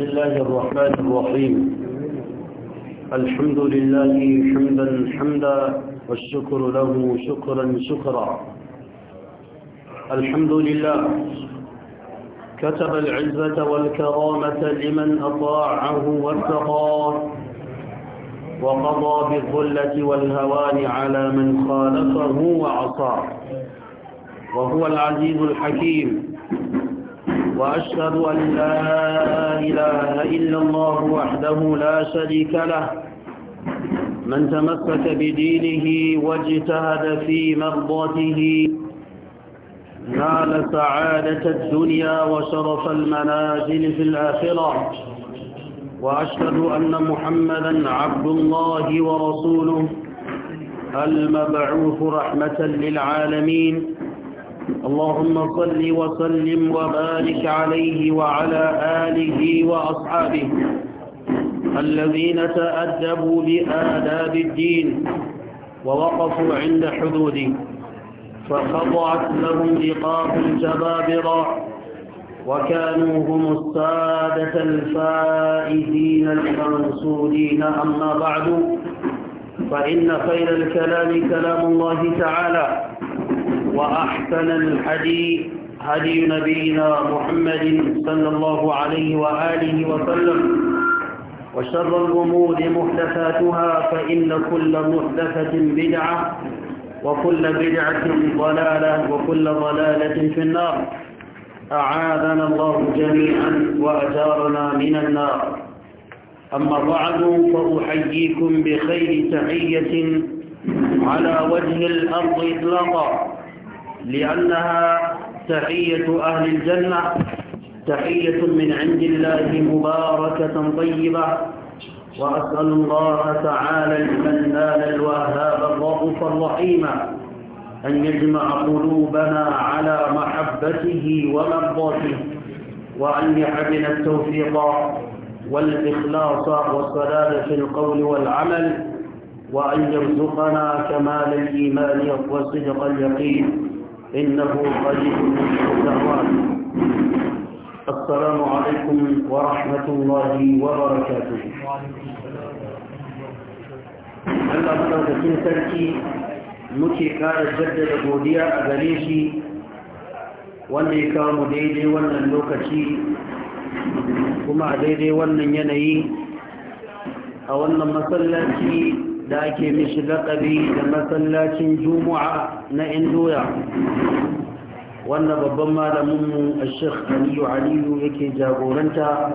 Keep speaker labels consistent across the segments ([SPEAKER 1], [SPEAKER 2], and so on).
[SPEAKER 1] بسم الله الرحمن الرحيم الحمد لله حمدا حمدا والشكر له شكرا شكرا الحمد لله كتب العزة والكرامة لمن أطاعه واتقاه وقضى بالذلة والهوان على من خالفه وعصاه وهو العزيز الحكيم وأشهد أن لا إله إلا الله وحده لا شريك له من تمسك بدينه واجتهد في مرضاته نال سعادة الدنيا وشرف المنازل في الآخرة وأشهد أن محمدا عبد الله ورسوله المبعوث رحمة للعالمين اللهم صل وسلم وبارك عليه وعلى آله وأصحابه الذين تأدبوا بآداب الدين ووقفوا عند حدوده فخضعت لهم لقاف الجبابرة وكانوا هم السادة الفائزين المنصورين أما بعد فإن خير الكلام كلام الله تعالى وأحسن الحديث هدي نبينا محمد صلى الله عليه وآله وسلم وشر الأمور محدثاتها فإن كل محدثة بدعة وكل بدعة ضلالة وكل ضلالة في النار أعاذنا الله جميعا وأجارنا من النار أما بعد فأحييكم بخير تحية على وجه الأرض إطلاقا لأنها تحية أهل الجنة تحية من عند الله مباركة طيبة وأسأل الله تعالى المنان الوهاب الرؤوف الرحيم أن يجمع قلوبنا على محبته ومرضاته وأن يحبنا التوفيق والإخلاص والصلاة في القول والعمل وأن يرزقنا كمال الإيمان والصدق اليقين إنه
[SPEAKER 2] قريب من الدعوات السلام عليكم ورحمة الله وبركاته Allah madaukakin sarki
[SPEAKER 1] muke ƙara jaddada godiya a gare shi wanda ya kawo mu daidai wannan lokaci kuma a daidai wannan yanayi a wannan masallaci da ake mishi laƙabi da masallacin juma'a na indoya Wannan babban malaminmu a sheikh aliyu aliyu yake jagoranta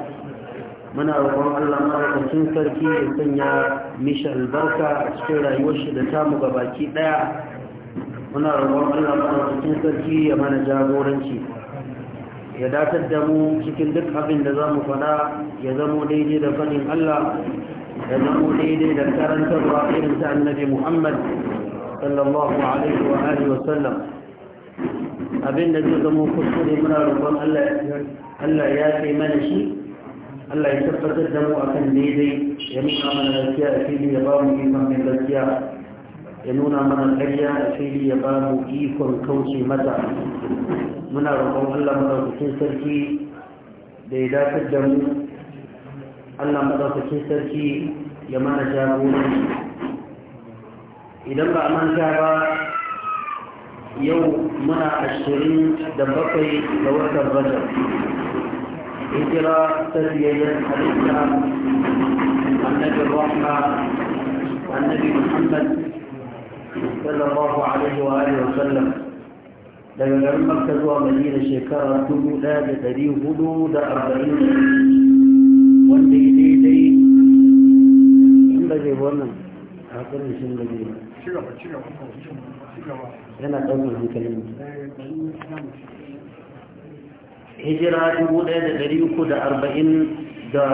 [SPEAKER 1] muna roƙon allah marakacin sarki ya sanya mishi albarka a cikin rayuwar shi da tamu baki ɗaya muna roƙon allah marakacin sarki ya mana jagoranci ya datar da mu cikin duk abin da za mu faɗa ya zamo daidai da faɗin allah da zamo daidai da karantarwa irin ta annabi muhammad sallallahu alaihi wa alihi wa sallam abin da zai zama kuskure muna roƙon allah ya kai mana shi allah ya tabbatar da mu akan daidai ya nuna mana gaskiya a fili ya ba mu ikon mai gaskiya ya nuna mana ƙarya a fili ya ba mu ikon kauce mata muna roƙon allah madaukakin sarki da ya dakatar da mu Allah madaukakin sarki ya mana jagoranci idan ba a manta ba yau muna ashirin da bakwai ga watan rajab hijira ta siyayyar halitta annabi rahma annabi muhammad sallallahu alaihi wa alihi wa sallam daga garin makka zuwa madina shekara dubu ɗaya da ɗari hudu da arba'in wannan hakurin shi da zai yana ɗaukar hankalin hijira dubu ɗaya da ɗari uku da arba'in da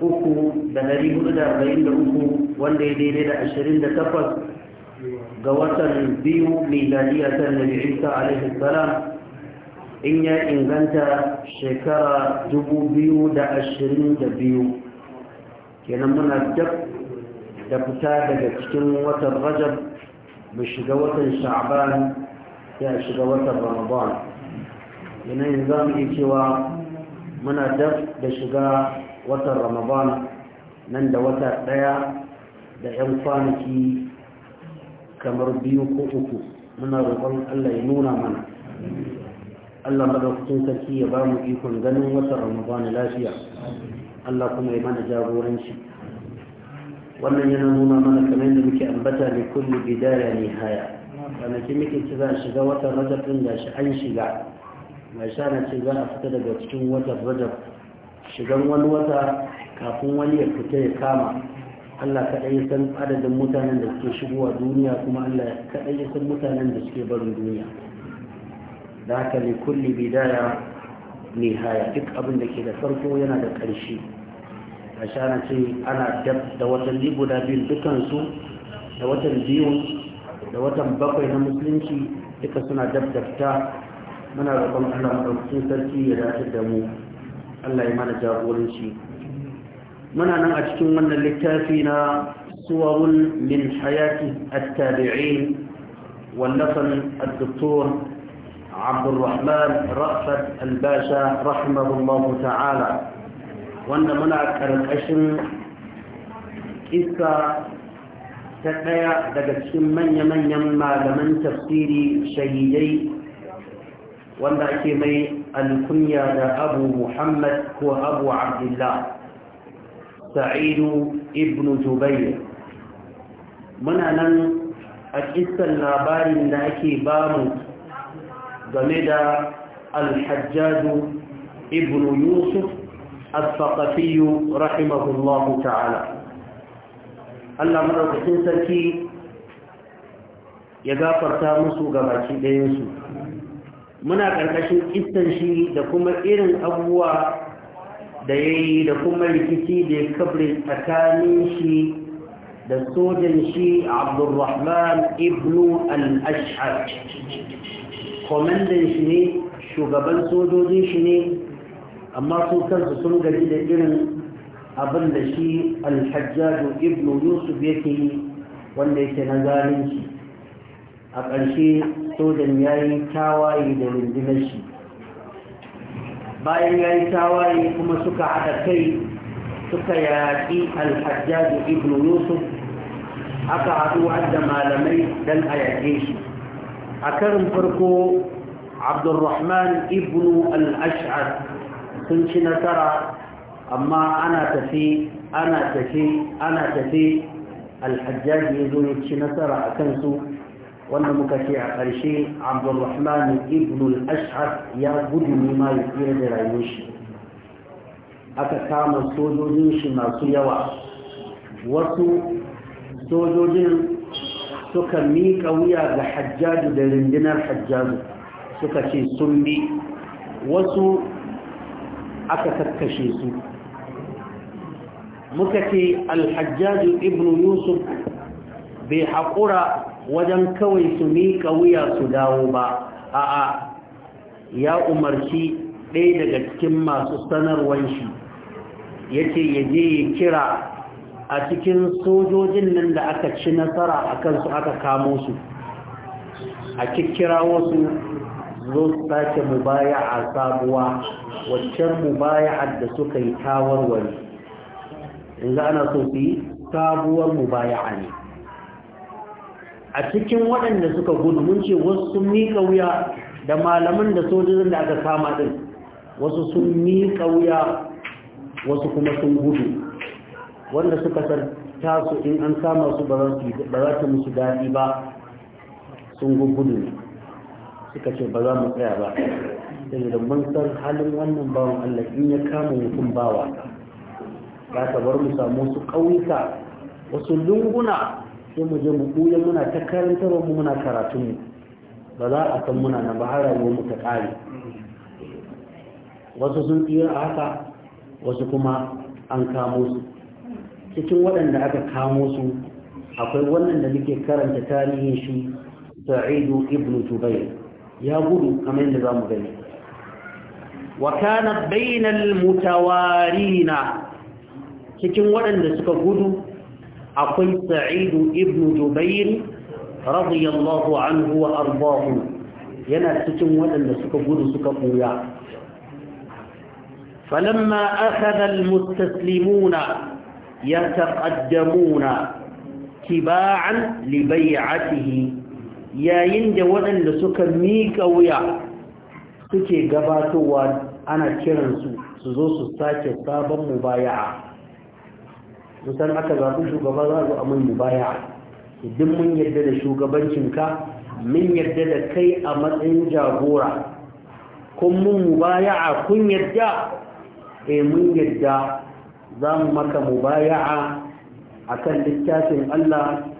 [SPEAKER 1] uku da ɗari hudu da arba'in da uku wanda ya daidai da ashirin da takwas ga watan biyu mai miladiya ta nabi isa alaihi salam in ya inganta shekara dubu biyu da ashirin da biyu kenan muna dab da fita daga cikin watan rajab mu shiga watan sha'ban ya shiga watan ramadan yanayin za mu iya cewa muna daf da shiga watan ramadan nan da wata ɗaya da 'yan kwanaki kamar biyu ko uku muna roƙon allah ya nuna mana allah madaukakin sarki ya ba mu ikon ganin watan ramadan lafiya allah kuma ya mana jagoranci wannan yana nuna mana kamar yadda muke ambata ne kullu bidaya nihaya kwanaki muke ci za a shiga watan rajab da shi an shiga mai sha na ce za a fita daga cikin watan rajab shigan wani wata kafin wani ya fita ya kama Allah kaɗai san adadin mutanen da suke shigowa duniya kuma Allah kaɗai san mutanen da suke barin duniya da haka ne kulli bidaya nihaya duk abin da ke da farko yana da ƙarshe a shana ce ana dab da watanni guda biyu dukansu da watan biyu da watan bakwai na musulunci duka suna dab da fita muna roƙon allah maɗaukakin sarki ya dace da mu allah ya mana jagoranci muna nan a cikin wannan littafi na suwarun min hayati attabi'in wallafan الدكتور عبد الرحمن رأفت الباشا رحمه الله تعالى wanda muna ƙarƙashin isa ta ɗaya daga cikin manya-manyan malaman tafsiri shahidai wanda ake mai alkunya da abu muhammad ko abu abdullah sa'idu ibn jubair muna nan a kisan labarin da ake bamu game da alhajjadu ibn yusuf الثقفي رحمه الله تعالى Allah madaukakin sarki ya gafarta musu gabaki dayansu. muna ƙarƙashin kistan shi da kuma irin abubuwa da ya yi da kuma rikici da ya kabre tsakanin shi da sojan shi abdurrahman ibn al-ash'ar kwamandan shi ne shugaban sojojin shi ne amma su kansu sun gari da irin abin da shi alhajjaju ibnu yusuf yake yi wanda yake na zalunci a ƙarshe sojan ya yi tawaye da rundunar shi bayan ya yi tawaye kuma suka haɗa kai suka yaƙi alhajjaju ibnu yusuf aka haɗu da malamai don a yaƙe shi a karin farko abdulrahman ibnu al-ash'ar sun ci nasara amma ana tafi ana tafi ana tafi alhajjaji ya zo ya ci nasara a kansu wanda muka ce a ƙarshe abdulrahman ibn al-ash'ar ya gudu nema ya tsira da rayuwar shi aka kama sojojin shi masu yawa wasu sojojin suka miƙa wuya ga hajjaju da rundunar hajjaju suka ce sun bi wasu aka kakkashe su muka ce alhajjaju ibn yusuf bai haƙura wajen kawai su miƙa wuya su dawo ba a'a ya umarci ɗaya daga cikin masu sanarwar shi ya ce ya je ya kira a cikin sojojin nan da aka ci nasara a kansu aka kamo su a kikkirawo wasu. zo mu sake mubaya'a sabuwa waccan mubaya'ar da suka yi tawarware yanzu ana so su yi sabuwar mubaya'a ne a cikin waɗanda suka gudu mun ce wasu sun miƙa wuya da malaman da sojojin da aka kama ɗin wasu sun miƙa wuya wasu kuma sun gudu wanda suka san tasu in an kama su ba za su musu daɗi ba sun gudu suka ce ba za mu tsaya ba saboda mun san halin wannan bawan Allah in ya kama mutum bawa za ka bar mu samu su ƙauyuka wasu lunguna sai mu je mu buya muna ta karanta mu muna karatunmu ba za a san muna na ba har mu ta ƙare wasu sun tsira a haka wasu kuma an kamo su cikin waɗanda aka kamo su akwai wannan da muke karanta tarihin shi sa'idu ibnu jubair ya gudu kamar yadda za mu gani wa kana bainal mutawarina cikin waɗanda suka gudu akwai sa'idu ibn jubair radiyallahu anhu wa ardahu yana cikin waɗanda suka gudu suka koya فلما أخذ المستسلمون يتقدمون تباعا لبيعته yayin da waɗanda suka miƙa wuya suke gabatowa ana kiransu su zo su sake sabon mubaya'a musan aka zaɓi shugaba za su amin mubaya'a idan mun yarda da shugabancinka mun yarda da kai a matsayin jagora kun mun mubaya'a kun yarda e mun yarda za mu maka mubaya'a kan littafin Allah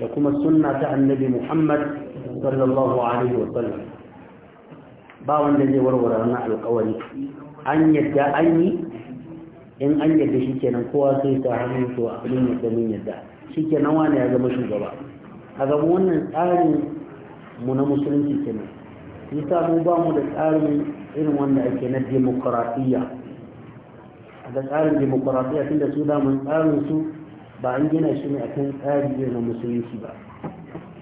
[SPEAKER 1] da kuma sunna ta annabi Muhammad sallallahu alaihi wa sallam ba wanda zai warware wannan alƙawari an yadda an yi in an yadda shi kenan kowa sai ta hannun to abin yadda min yadda shi kenan wani ya zama shugaba a gaba wannan tsarin mu na musulunci kenan yasa mu ba mu da tsarin irin wanda ake na demokuratiyya a ga tsarin demokuratiyya tunda su damun tsarin su ba an gina shi ne akan tsari na musulunci ba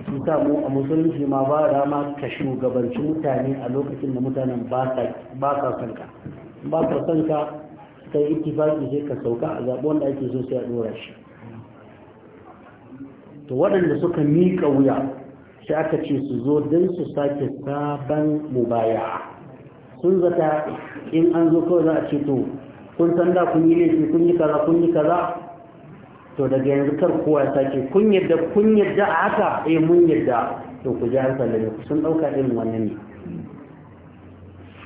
[SPEAKER 1] su samu a musulunci ma ba dama ka shugabanci mutane a lokacin da mutanen ba ka son ka ba ka son ka ittifaki sai ka sauka a zaɓi wanda ake so sai a ɗora shi to waɗanda suka miƙa wuya sai aka ce su zo don su sake sabon mubaya sun zata in an zo kawai za a ce to kun san da kun yi laifi kun yi kaza kun yi kaza to daga yanzu kar kowa ya sake kun yadda kun yadda a haka eh mun yadda to ku ji hankali ku sun dauka irin wannan ne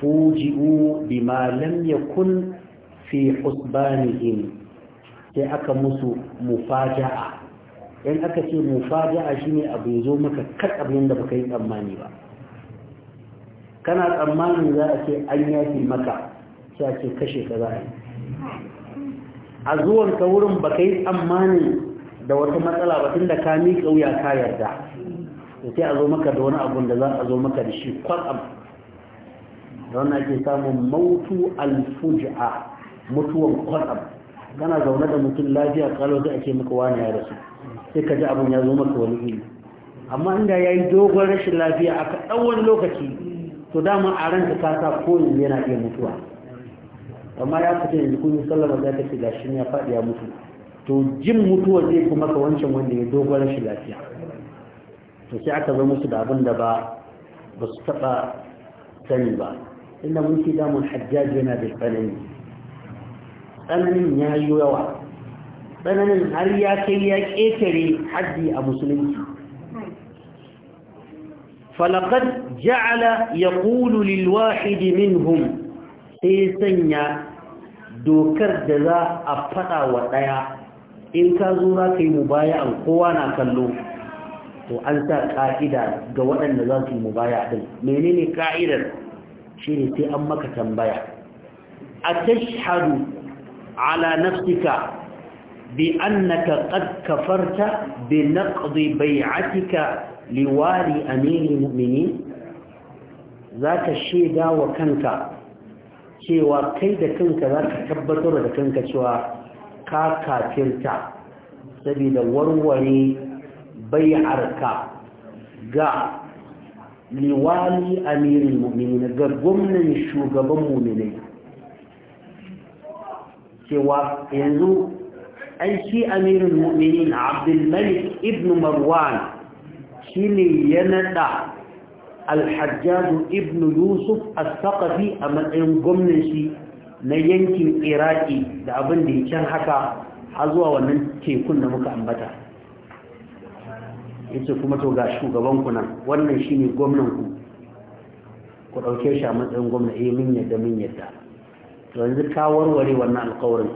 [SPEAKER 1] fuji'u bima lam yakun fi husbanihim sai aka musu mufaja'a in aka ce mufaja'a shine abu yazo maka kar abin da baka yi tsammani ba kana tsammanin za a ce an yafi maka sai a ce kashe ka za a yi a zuwan ta wurin ba yi tsammanin da wata matsala ba tun da ka miƙa wuya ka yarda da sai a zo maka da wani abun da za a zo maka da shi kwatsam da wannan ake samun mautu alfuja mutuwan kwatsam kana zaune da mutum lafiya kalo zai ake maka wani ya rasu sai ka ji abun ya zo maka wani iri amma inda ya yi dogon rashin lafiya aka ɗan wani lokaci to dama a ranka ka sa koyin yana iya mutuwa amma ya fita yanzu kun yi sallama za ka ce gashin ya faɗi ya mutu to jin mutuwa zai kuma ka wancan wanda ya dogon rashin lafiya to sai aka zama musu da abin da ba ba su taɓa sani ba inda mun ce damun hajjaji yana da tsanani tsananin ya yi yawa tsananin har ya kai ya ƙetare haddi a musulunci فلقد جعل يقول للواحد منهم sai sanya dokar da za a faɗa wa ɗaya in ka zo za ka yi mubaya'an kowa na kallo to an sa ƙa'ida ga waɗanda za su yi mubaya ɗin menene ƙa'idar shi ne sai an maka tambaya a tashhadu ala nafsika bi annaka qad kafarta bi naqdi bai'atika liwali amiri mu'mini zaka shaida wa kanka cewa kai da kanka za ka tabbatar da kanka cewa ka kafirta saboda warware bai'arka ga liwali amirin mummini ga gwamnan shugaban mummini cewa yanzu an shi amirin mummini abdulmalik ibn marwan shi ne ya nada Alhajjadu, ibn yusuf al-saqafi a matsayin gwamnan shi na yankin iraki da abin da ya can haka har zuwa wannan tekun da muka ambata yace kuma to ga shugaban ku nan wannan shine gwamnan ku ku dauke shi a matsayin gwamnati. eh min yadda min yadda to yanzu ka warware wannan alƙawarin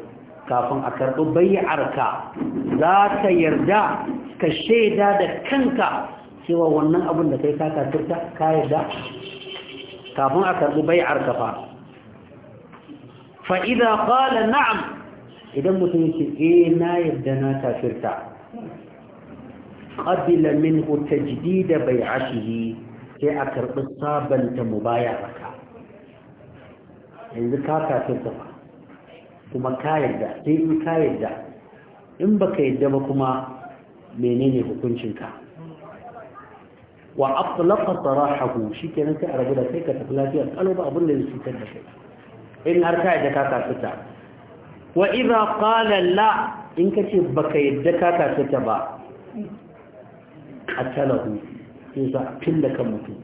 [SPEAKER 1] kafin a karɓi bayyarka za ka yarda ka shaida da kanka cewa wannan abin da kai ka kafirta ka yarda? kafin a karɓi bai'ar ka fa fa idza na'am idan mutum yake eh na yadda na kafirta qabila minhu tajdid bai'atihi sai a karɓi sabanta baya raka, yanzu ka kafirta fa kuma ka yadda sai in ka yadda in baka yadda ba kuma menene hukuncinka wa aflaqa sarahahu shikenan sai a rabu da kai ka tafi lafiya kalau ba abin da zai cutar da kai in har ka yadda ka kasuta wa idza qala la in ce baka yadda ka kasuta ba atalahu sai sa da kan mutum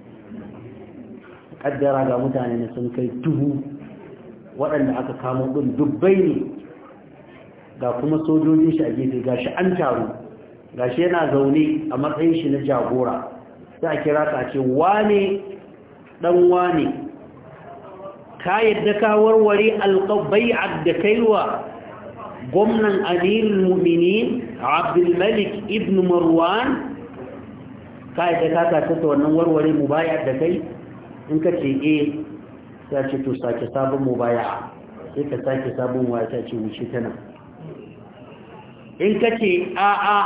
[SPEAKER 1] kaddara ga mutane ne sun kai dubu waɗanda aka kamo ɗin dubbai ne ga kuma sojojin shi a gefe ga shi an taru ga shi yana zaune a matsayin shi na jagora za a kira ka ce wane dan wane ka yadda ka warware alƙabai da kaiwa gwamnan amirin mumini abdulmalik ibn marwan ka yadda ka kasa ta wannan warware mu baya da kai in ka ce e eh, ta ce to sake sabon mu baya sai ka sake sabon wata ce wuce tana in ka ce A, A.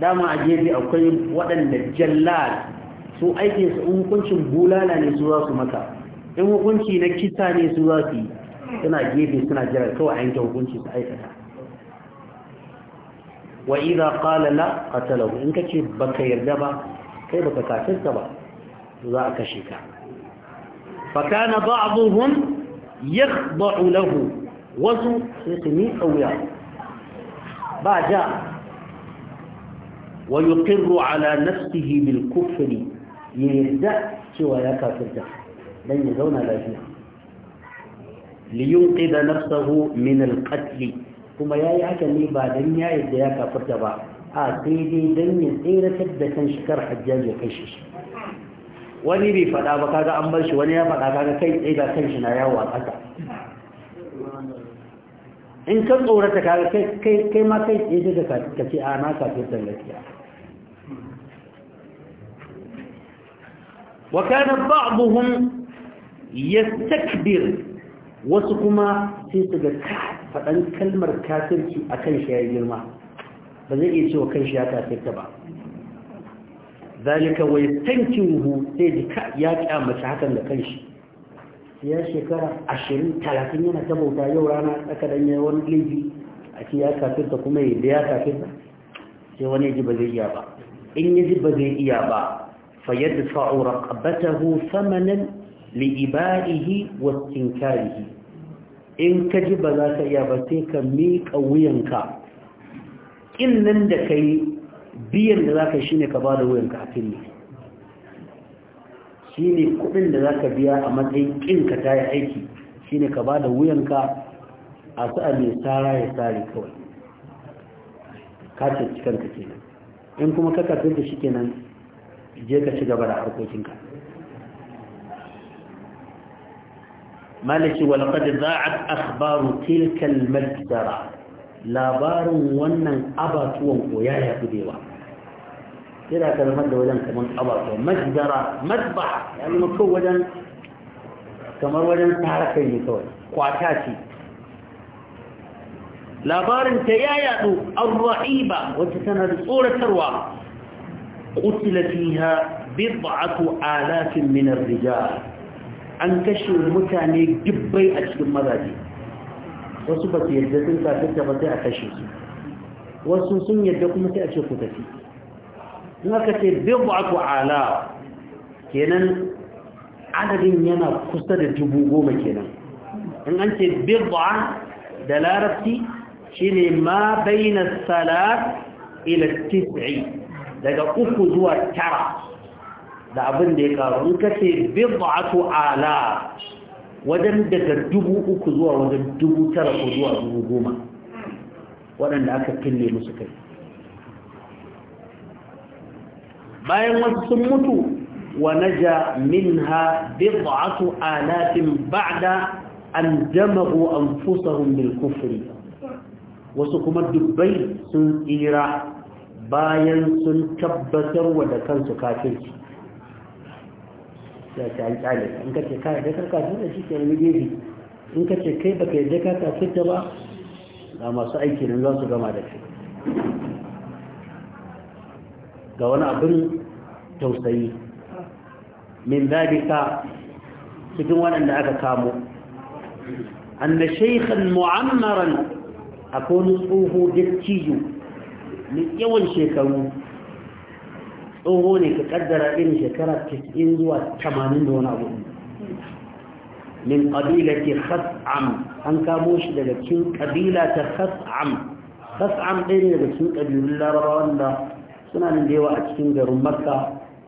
[SPEAKER 1] dama a gefe akwai waɗanda jallal su aikinsu in hukuncin bulala ne su za su maka in hukunci na kisa ne su za su yi suna gefe suna jira kawai a yanke hukunci su aikata wa idza qala la qatalahu in kace baka yarda ba kai baka kafirta ba za a kashe ka fa kana ba'dhum yakhda'u lahu wasu sai su ni kauya ba ja ويقر على نفسه بالكفر يرجع سوى يا كافر لن يزون لاجنا لينقذ نفسه من القتل kuma ya yi haka ne ba don ya yadda ya kafarta ba a sai dai don ya tseratar da kan shikar hajjaji ya kai shi wani bai faɗa ba kaga an bar shi wani ya faɗa kaga kai tsaye ga kan shi na yawo a ƙasa in ka tsorata kaga kai ma kai tsaye ga ka ce a na kafin tallafiya وكان بعضهم يستكبر وسكما سيتغا فدان كلمه كافرتي اكن شي يا جرما بزي يجي وكان شي كافرت تبع ذلك ويستنكره سيدك يا قيامه هكذا da kanshi ya shekara 20 30 yana bauta yau rana aka danye wani laifi a ya kafirta kuma ya da ya kafirta sai wani ji ba zai iya ba in ya ji ba zai iya ba فيدفع رقبته ثمنا لإبائه واستنكاره إن كجب ذاك يابتيك ميك وينك إن لندك biyan da za ka shi ne ka ba da wuyan kafin ne shi ne kudin da za ka biya a matsayin ka ta yi aiki shi ne ka ba da wuyanka a sa'a mai tsara ya tsari kawai ka ce cikin ka kenan in kuma ka kafin da shi kenan je ka ci gaba da harkokinka malaki walƙad za'at akhbaru tilka al labarin wannan abatuwan koya ya fudewa kira kalmar da wajen kamar abatuwa madara madba ya zama kawai wajen kamar wajen tsara kai ne kawai kwata ce labarin ta ya yadu an ra'iba wacce tana da tsoratarwa قتل فيها بضعة آلاف من الرجال an kashe mutane dubbai a cikin mazaje wasu ba yadda sun kafirta ba sai a kashe wasu sun yadda kuma sai a ce ku tafi in aka ala kenan adadin yana kusa da dubu goma kenan in an ce da larabci shine ma bayna salat daga uku zuwa tara da abin da ya karu in kace bid'atu ala wajen daga dubu uku zuwa wajen dubu tara ko zuwa dubu goma waɗanda aka kille musu kai bayan wasu sun mutu wa naja minha bid'atu alafin ba'da an an anfusahum bil kufri wasu kuma dubbai sun tsira bayan sun tabbatar wa da kansu kafin. sai ta an tsale in ka ce ka yi da kafin da shi ke yi gefe in ka ce kai baka dakar kafin kafirta ba ga masu aiki nan za su gama da shi ga wani abin tausayi min ka cikin waɗanda aka kamo da shaikhan mu'ammaran akwai tsoho dattijo yawan shekaru tsoho ne ka kaddara irin shekara 90 zuwa 80 da wani abu min ke khas'am an kamo shi daga cikin ƙabila ta khas'am khas'am ɗaya ne daga cikin ƙabilun laraba wanda suna nan da yawa a cikin garin makka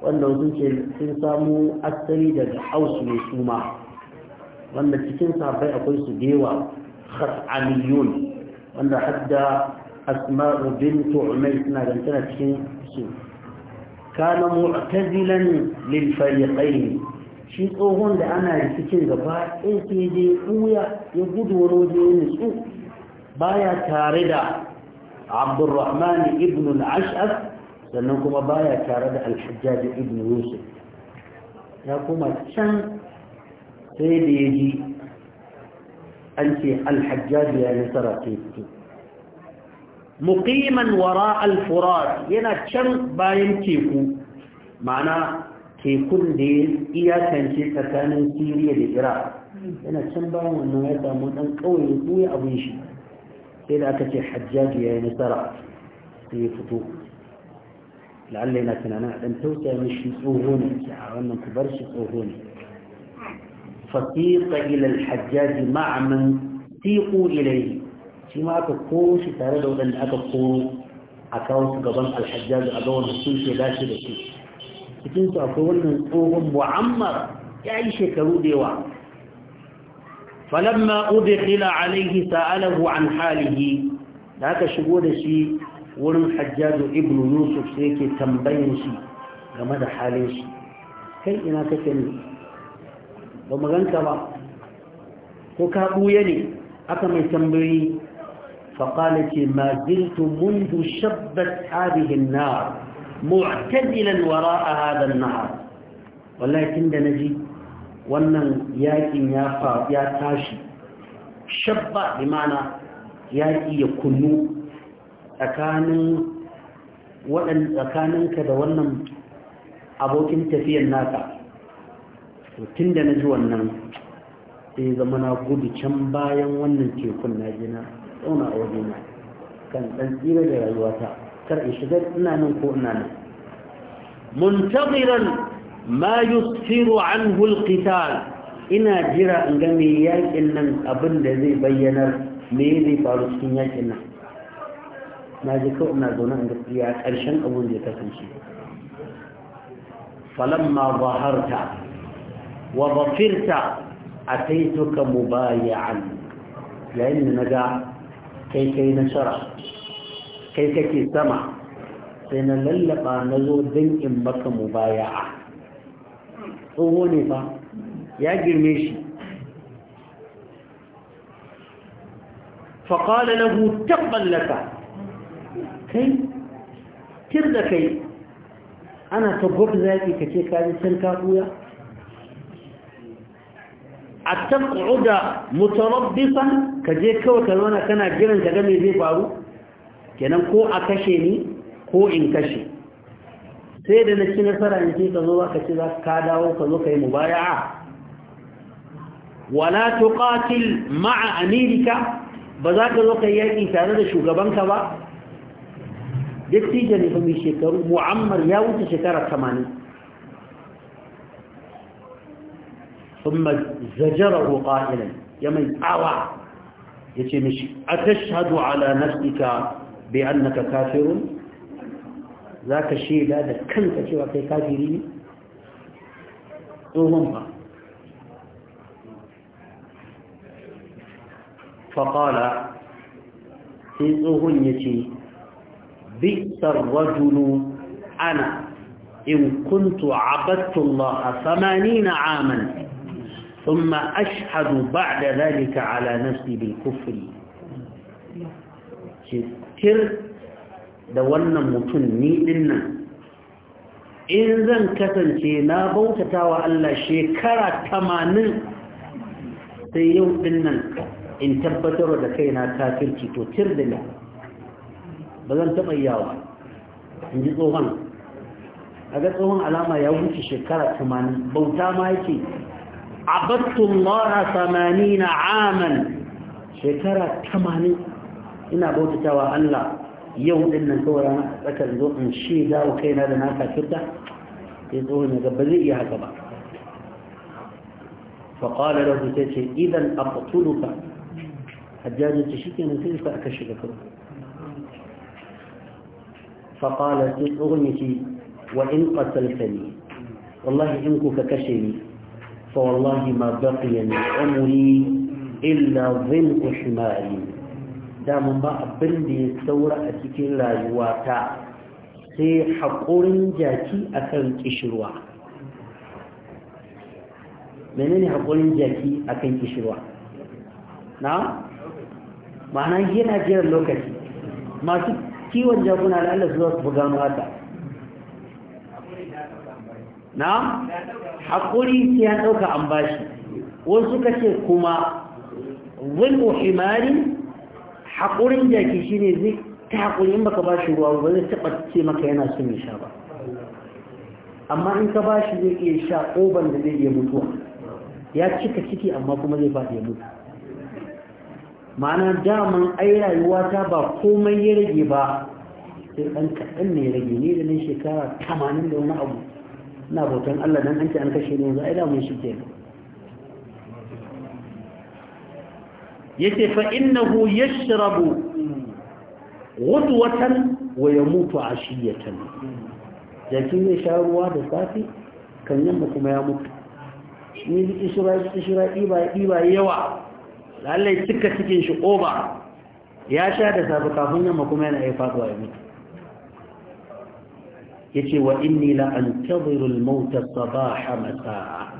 [SPEAKER 1] wanda wasu ce sun samu asali daga hausu ne su ma wanda cikin sabai akwai su da yawa khas'amiyun wanda hadda asma'u bintu umayr tana da tana cikin su kana mu'tazilan lil fariqayn shi tsohon da ana cikin gaba ɗaya sai je ɓuya ya gudu wani waje ya nutsu baya tare da abdurrahman ibn al-ash'ab sannan kuma baya tare da al-hajjaj ibn yusuf ya kuma can sai da ya ji an ce al-hajjaj ya nasara sai muqiman wara al-furat yana can bayan teku ma'ana tekun da ya iyakance tsakanin Siriya da Iraq yana can bayan wannan ya samu dan kauye ya buya abin shi sai da aka ce hajjaji ya yi nasara sai ya fito la'alla yana tunanin a dan tausaya mishi tsoho ne a wannan ku bar shi tsoho ne fasiqa ila al-hajjaji ma'a man siqu ilayhi shi ma aka koro shi tare da waɗanda aka koro a kawo su gaban alhajjaji a ga wanda sun ke dace da su cikin su akwai wannan tsohon mu'ammar ya yi shekaru da yawa falamma udkhila alaihi sa'alahu an halihi da aka shigo da shi wurin hajjaju ibn yusuf sai yake tambayin shi game da halin shi kai ina kake ne ba mu ganka ba ko ka buya ne aka mai tambayi فقالت ما زلت منذ شبت هذه النار معتدلا وراء هذا النهر ولكن da naji wannan yakin ya fa ya tashi shabba bi ma'ana yaki ya kunnu tsakanin wadan tsakaninka da wannan abokin tafiyar naka to tunda naji wannan sai zama na gudu can bayan wannan tekun na jina tsona a waje na kan dan tsira da rayuwata kar in shiga ina nan ko ina nan muntaziran ma yusfiru anhu alqital ina jira in ga me yakin nan abin da zai bayyana me zai faru cikin yakin nan na ji kawai ina zaune in gaskiya karshen abin da ya kasance falamma zaharta wa zafirta ataituka mubayi'an yayin da naga kai kai na shara, kai kake sama sai na lallaba na zo don in maka a tsoho ne fa ya girme shi faƙala na hutar mallaka kai tir da kai ana ta gwab zaƙi ka ce kaji can ka a taq'uda mutarabbisan ka je kawai ka kana jiran ka game zai faru kenan ko a kashe ni ko in kashe sai da na ci nasara in ce ka zo ka ce za ka dawo ka zo ka yi mubaya'a wala tuqatil ma'a amirika ba za ka zo ka yi yaƙi tare da shugabanka ba duk tijar ne mai shekaru mu'ammar ya wuce shekara 80 ثم زجره قائلا من أوع يتمشي أتشهد على نفسك بأنك كافر ذاك الشيء لا كنت شيء وكي كافرين وهم فقال في أغنيتي بئس الرجل أنا إن كنت عبدت الله ثمانين عاما ثم أشهد بعد ذلك على نفسي بالكفر tir da wannan mutum ni dinnan in zan kasance na bautatawa Allah shekara tamanin sai yau dinnan in tabbatar da kaina kafirci to tir da ni ba zan taɓa yawa in ji tsohon a ga tsohon alama ya wuce shekara tamanin bauta ma yake abattun mara samani na aman shekara tamanin ina bautatawa Allah yau din nan kawai rana tsakar zo in shi dawo kaina da na kafirta ya tsohon ya gaba zai iya haka ba faƙalar da su ce idan a fatuluka hajjajin ce shi ke sai aka shiga kawai faƙalar sai tsohon ya wa in ƙasar ne wallahi in kuka kashe ni fɔlɔhi ma bɛ kile ni ɔmu ni ila vin o si ba a bɛn de a ti kɛ la yi wa ta se a kori ja ci a ka n kisi wa mɛ ne ni a kori ja ci a ka n kisi wa na maana buga ma
[SPEAKER 2] na'am haƙuri sai ya ɗauka an bashi
[SPEAKER 1] wasu kace kuma wani himari haƙurin jaki shine zai ta hakuri in baka bashi ruwa ba zai ce maka yana son ya sha ba amma in ka bashi zai iya sha koban da zai iya mutuwa ya cika ciki amma kuma zai faɗi ya mutu ma'ana daman ai rayuwa ta ba komai ya rage ba sai ɗan kaɗan ne rage ni da nan shekara tamanin da wani abu na bautan Allah dan an ce an kashe ne yanzu ai da mun shi ke
[SPEAKER 2] yace fa innahu yashrabu
[SPEAKER 1] ghudwatan wa yamutu ashiyatan jakin ne sha ruwa da safi kan yamma kuma ya mutu ni bi ishira ishira iba iba yawa lalle cika cikin shi oba ya sha da safi kafin yamma kuma yana ai faduwa ya mutu yace wa inni la antadhiru al-maut sabaha masaa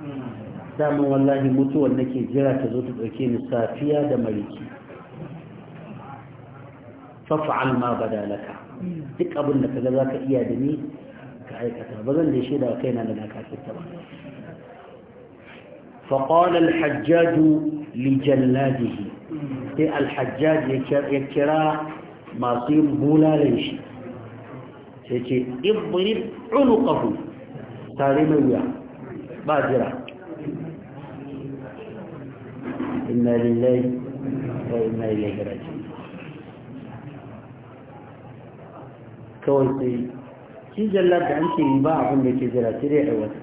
[SPEAKER 1] dama wallahi mutuwar nake jira ta zo ta dauke ni safiya da mariki faf'al ma badalaka duk abin da kaga zaka iya da ni ka aikata ba da shi da kaina da na ta ba فقال الحجاج لجلاده sai alhajjaj ya kira masu yin shi yace idrib unuqahu tare mai wuya ba jira inna lillahi wa inna ilaihi raji'un kawai sai shi jalla da an ce ba abin da ke jira sai dai aiwata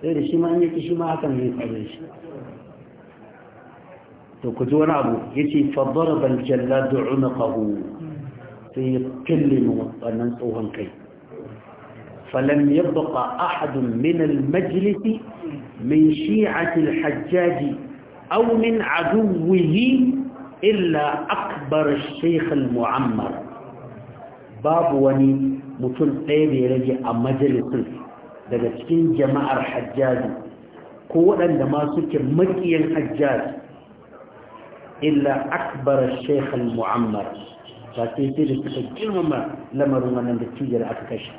[SPEAKER 1] sai da shi ma an yake shi ma hakan ne tsare shi to ku ji wani abu yace fadaraba al-jalladu unqahu في كل موطن طوهن كي فلم يبق أحد من المجلس من شيعة الحجاج أو من عدوه إلا أكبر الشيخ المعمر باب وني مثل قيدي رجع مجلس لكن جماعة الحجاج قولا لما سك مكي الحجاج إلا أكبر الشيخ المعمر ta sai sai da suka girmama lamarin wannan da cijiyar aka kashe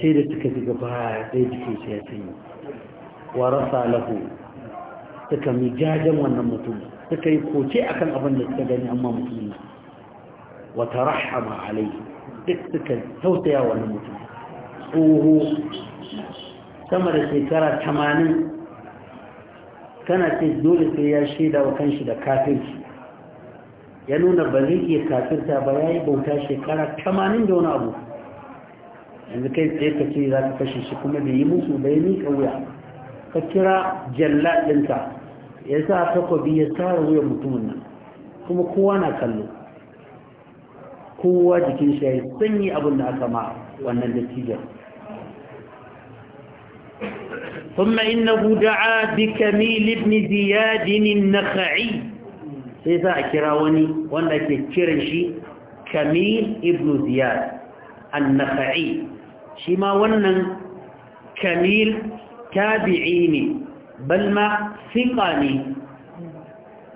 [SPEAKER 1] sai da suka ji ba ɗaya jikin shi ya sanyi wa rasa lahu suka mi jajen wannan mutum suka yi koce akan abin da suka gani amma mutum Wata tarahama alaihi duk suka tausaya wannan mutum tsoho sama da shekara tamanin kana ce dole sai ya shaida wa kanshi da kafirci ya nuna ba zai iya kafirta ba ya yi bauta shekara tamanin da wani abu yanzu kai tsaye ka ce za ka fashe shi kuma da yi musu da ya miƙa wuya ka kira jalla ɗinka ya sa takwabi ya tara wuyan mutumin nan kuma kowa na kallo kowa jikin shi ya yi sanyi abin da aka ma wannan dattijar ثم إنه دعا بكميل بن زياد النخعي sai za a kira wani wanda ke kiran shi kamil ibn an annaka'i shi ma wannan kamil tabi'i ne balma fiƙa ne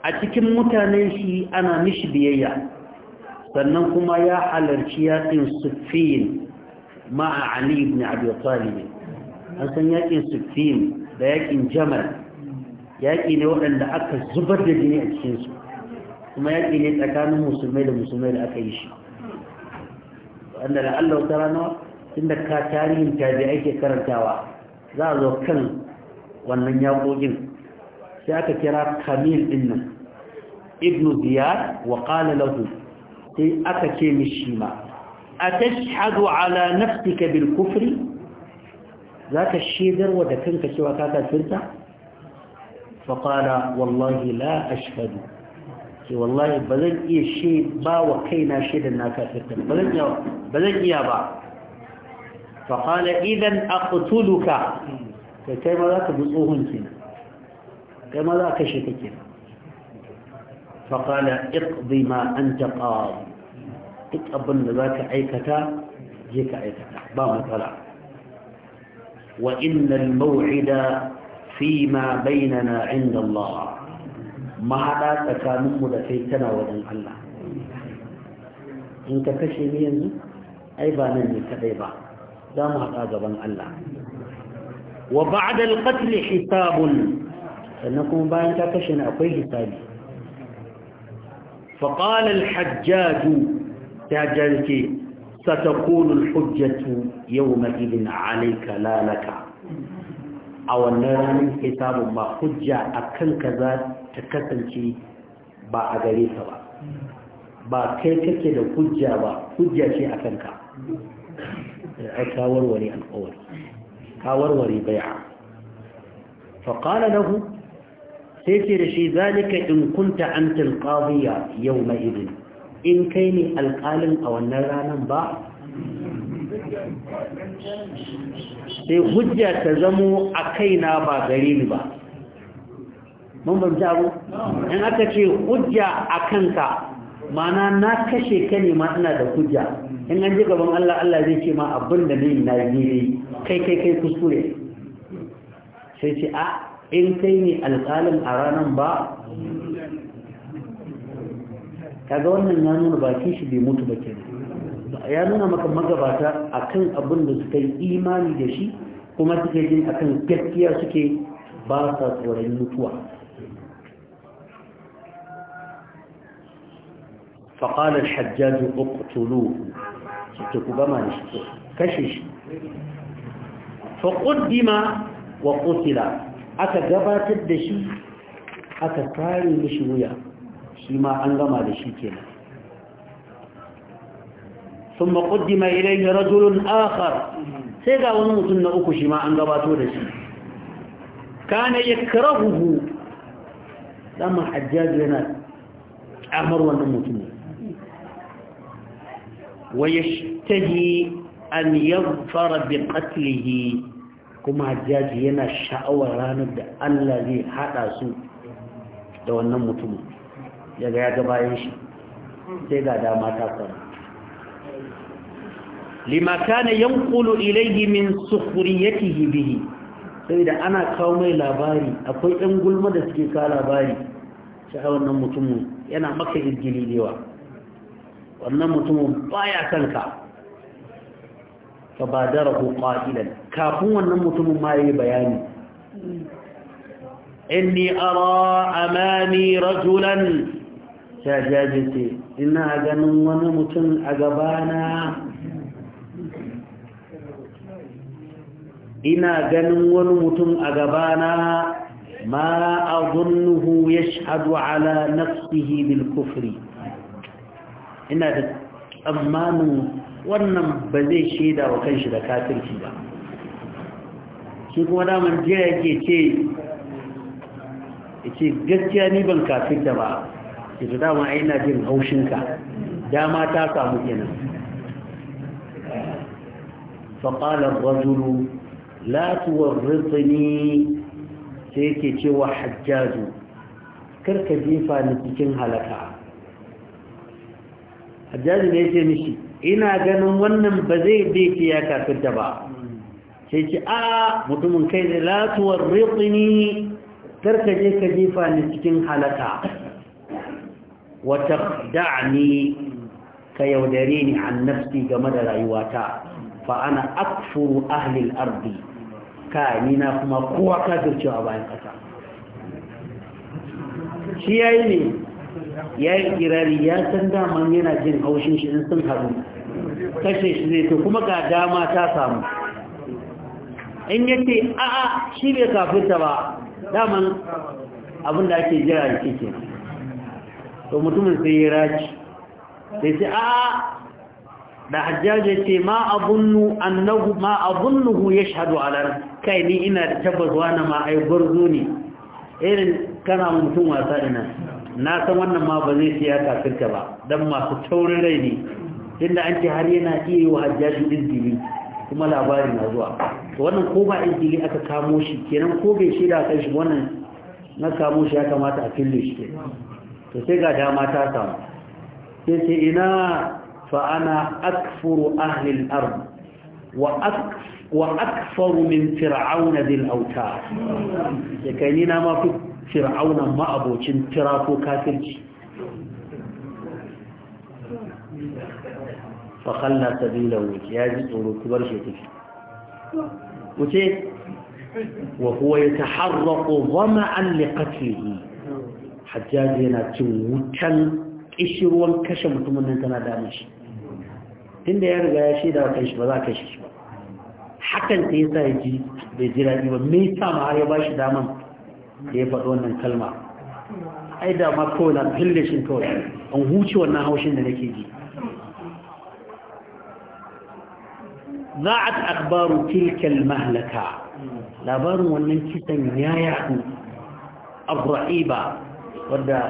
[SPEAKER 1] a cikin mutanen shi ana mishi biyayya sannan kuma ya halarci yaƙin sufiyin ma'a ali ibn abu an san yaƙin sufiyin da yaƙin jamal yaƙi ne waɗanda aka zubar da jini a cikinsu kuma yaƙi ne tsakanin musulmai da musulmai da aka yi shi wanda da Allah ta rana tun da ka tarihin tabi'ai ke karantawa za a zo kan wannan yaƙoƙin sai aka kira kamil din nan ibnu biyar wa lahu sai aka ce mishi ma atashhadu ala naftika bil kufri zaka shedar wa da kanka cewa ka kafirta fa wallahi la ashhadu ce wallahi ba zan iya she ba wa kaina shaidan na kafirta ba zan iya ba zan iya ba fa qala idan aqtuluka kai kai ma za ka bi tsohon kenan kai ma za ka kashe kake fa qala iqdi ma anta qadi duk abin da za ka aikata je ka aikata ba matsala wa innal maw'ida fi ma bainana inda Allah mahaɗa tsakaninmu da kai tana wajen Allah in ka kashe ni yanzu ai ba nan ne kadai ba za mu haɗa gaban Allah wa ba'da al-qatl hisabun sannan kuma bayan ka kashe ni akwai hisabi fa qala al-hajjaj tajjalki satakunu al-hujjatu yawma idin alayka la laka a wannan ranar hisabun ba hujja akan kaza ta kasance ba a gare ka ba ba kai kake da hujja ba hujja ce a kanka ka warware alkawari ka bai'a faƙala sai ce da shi zalika in kunta an tilkaziya yau ma'izin in kai ne alƙalin a wannan ranar ba
[SPEAKER 2] sai hujja ta zamo a kaina ba
[SPEAKER 1] gare ni ba mun ban abu in aka ce hujja a kanka mana na kashe ka ne ma ina da hujja in an ji gaban Allah Allah zai ce ma abin da ne na yi ne, kai kai kai kuskure sai ce a in kai ne alƙalin a ranar ba kaga wannan ya nuna bakin shi bai mutu ba ke ya nuna maka magabata akan abin da suka yi imani da shi kuma suke jin akan gaskiya suke ba sa tsoron mutuwa فقال الحجاج اقتلوه تكبما كشش فقدم وقتل aka gabatar da shi aka tare mishi wuya shi ma an gama da shi kenan sun maƙuddima ilayhi rajulun akhar sai ga wani mutum na uku shi ma an gabato da shi kana yakrahuhu dama yana amar wannan mutum ويشتهي أن يظفر بقتله كما حجاج ينا شعوى راند الذي حدث لو أنه متم يجب يجب سيدا دا ما تقول لما كان ينقل إليه من سخريته به saboda أنا قومي mai labari akwai ɗan gulma da suke kawo labari sha'awar nan mutumin yana maka irgili da wannan mutumin baya kanka ka fa badarahu qailan kafin wannan mutumin ma yi bayani inni ara amami rajulan sajajati ina ganin wani mutum a gabana ina ganin wani mutum a gabana ma a azunnuhu yashhadu ala nafsihi bil kufri ina da tsammanin wannan ba zai shaida wa kanshi da kafirci ba shi kuma daman jiya yake ce ce gaskiya ni ban kafirta ba ke da dama aina jin haushinka dama ta samu kenan faƙalar rajulu latuwar rizini sai yake cewa hajjazu karka jefa ni cikin halaka hajjaji ne ce mishi ina ganin wannan ba zai bai ya kafirta ba sai ce a mutumin kai da latuwar ritsini karkaje ka jefa ni cikin halaka wata da'ani ka yaudare ni an nafsi game da rayuwata fa ana akfuru ahlil ardi ka ni na kuma kowa kafircewa bayan kasa shi yi ne ya yi kirari ya san daman yana jin haushin shi in sun haɗu kashe shi zai to kuma ga dama ta samu in a a'a shi bai ta ba daman abin da ake jira da kike to mutumin sai ya raci sai a a'a da hajjaji ce ma abunnu annahu ma abunnuhu yashhadu alar kai ni ina da tabbas na ma ai ne irin kana mutum wasa ina na san wannan ma ba zai siya kafirka ba don masu taurin rai ne inda an ce har yana iya yi wa hajjashi izgili kuma labari na zuwa to wannan ko ba izgili aka kamo shi kenan ko bai shaida kan shi wannan na kamo shi ya kamata a fille shi kenan to sai ga dama ta samu sai ce ina fa ana akfuru ahli al-ard wa akfuru wa akfaru min fir'auna bil autar sai kai ni na ma fi fir'auna ma'abocin tira ko kafirci fakalla sabila wuce ya ji tsoro kubar shi tafi wuce wa huwa ya taharraku zama an liƙatlihi hajjaji yana cin wutan ƙishirwan kashe mutumin nan tana damar shi tunda ya riga ya shaida wa kanshi ba za a kashe shi ba hakan ta yi sa ya ji bai jira ba mai sa ma har ya ba shi daman da ya faɗi wannan kalma ai da ma kawai na fille shi kawai an huce wannan haushin da nake ji za'at akhbaru tilkal mahlaka labarin wannan kisan ya yaɗu abra'iba wadda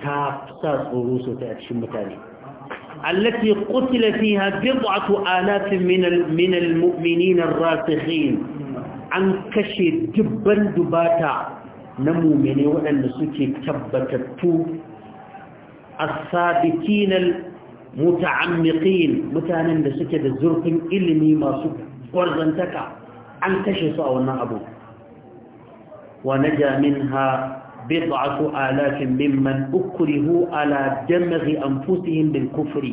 [SPEAKER 1] ta sa tsoro sosai a cikin mutane التي قتل فيها بضعة آلاف من من المؤمنين الراسخين An kashe dubban dubata. na mumine waɗanda suke tabbatattu as-sadiqinal muta'ammiqin mutanen da suke da zurfin ilimi masu gwarzantaka an kashe su a wannan abu wa naja minha bid'atu alafin mimman ukrihu ala damghi anfusihim bil kufri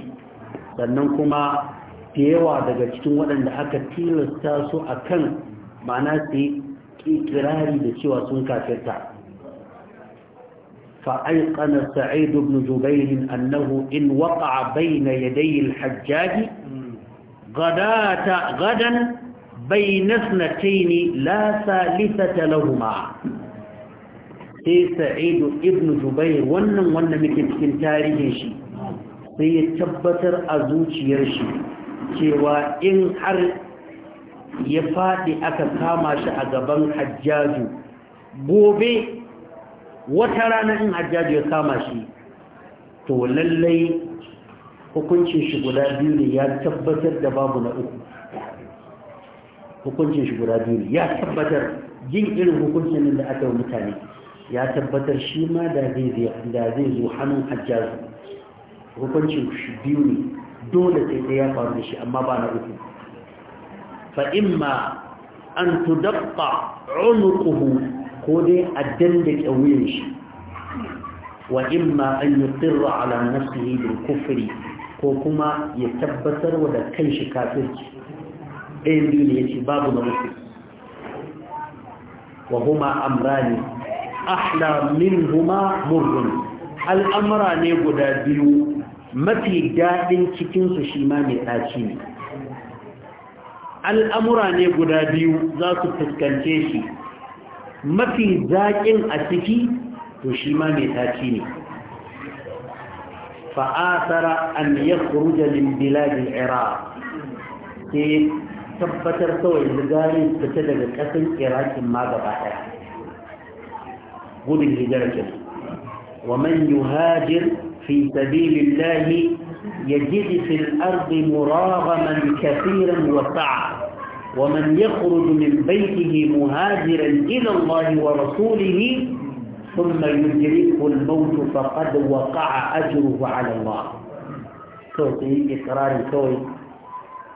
[SPEAKER 1] sannan kuma da yawa daga cikin waɗanda aka tilasta su akan ma'ana su ikirari da cewa sun kafirta فأيقن سعيد بن جبير أنه إن وقع بين يدي الحجاج غداة غدا بين اثنتين لا ثالثة لهما sai sa'idu ibn jubair wannan wannan muke tarihin shi sai ya tabbatar a zuciyar shi cewa in har ya faɗi aka kama shi a gaban hajjaju gobe wata rana in hajjaju ya kama shi to lallai hukuncin shi guda biyu ne ya tabbatar da babu na uku hukuncin shi guda biyu ne ya tabbatar jin irin hukuncin da aka yi mutane ya tabbatar shi ma da zai zo hannun hajjaju hukuncin shi biyu ne dole sai ya faru da shi amma ba na uku فإما أن تدقى عنقه كودي أدلك أويش وإما أن يقر على نفسه بالكفر كوكما يتبتر ولا كيش كافر أين دين يتباب نفسه وهما أمران أحلى منهما مر الأمران يقول بيو mafi daɗin cikinsu shi ma mai ɗaci ne al'amura ne guda biyu za su fuskance shi mafi zaƙin a ciki to shi ma mai taci ne fa'asara an ya kuruja biladin iraq Ke tabbatar kawai ligarin fita daga ƙasan irakin ma gaba ɗaya gudun hijirar wa man yuhajir fi sabilillahi يجد في الأرض مراغما كثيرا وسعا ومن يخرج من بيته مهاجرا إلى الله ورسوله ثم يدركه الموت فقد وقع أجره على الله كوتي إقرار كوي